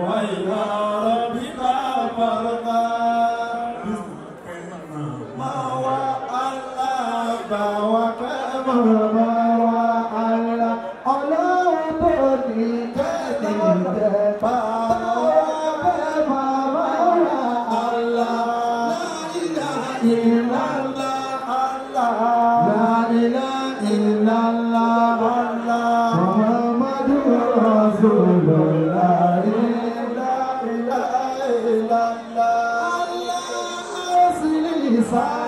وإلى ربك فارغب لا إله إلا الله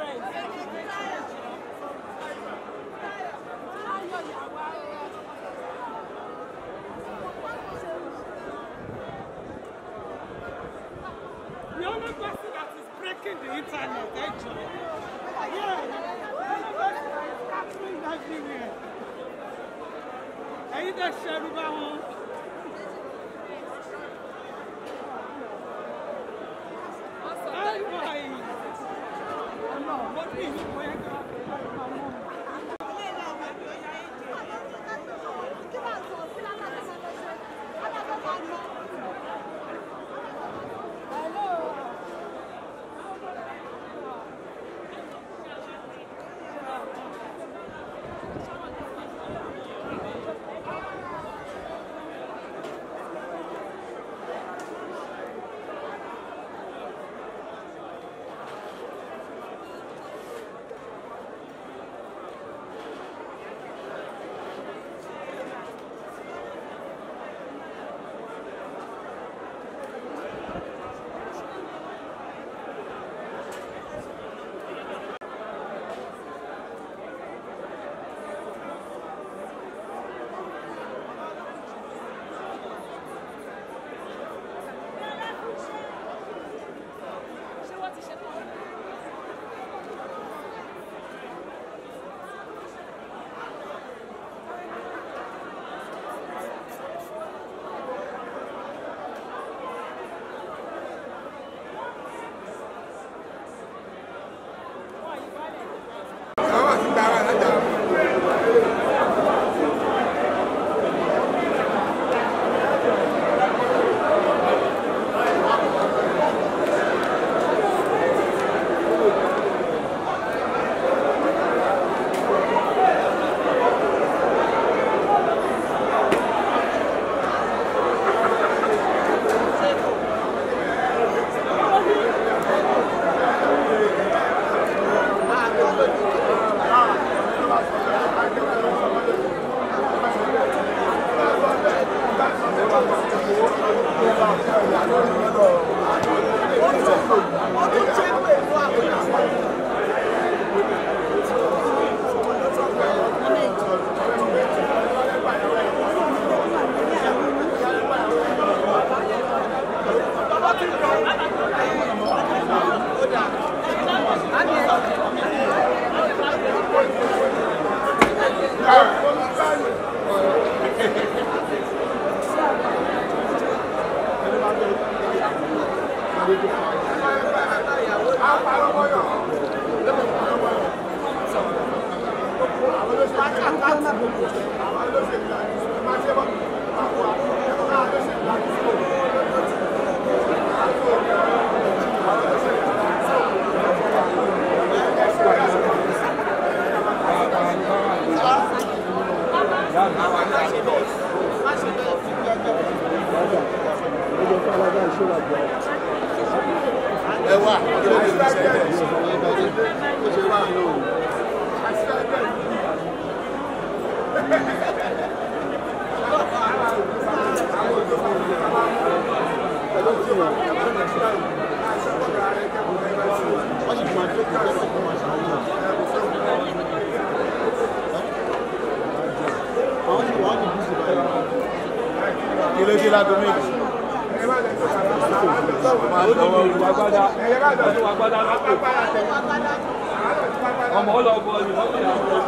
The only person that is breaking the internet, actually. Eh, yeah, the only person that is happening everywhere. Are you there, Sheruba? Thank you. Oh, ẹ wà kí ló dé ìgbésẹ̀ bẹ́ẹ̀ ló ṣe wà lóhùn. ọmọ ọlọ́gbọ́n ni wọ́n fi àwọn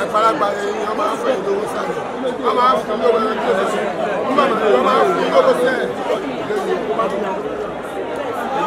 àgbàlagbà ẹ̀yìn ọmọ afẹ́ ìlówó sáré ọmọ afẹ́ ìlówó sáré ọmọ afẹ́ ìlówó sáré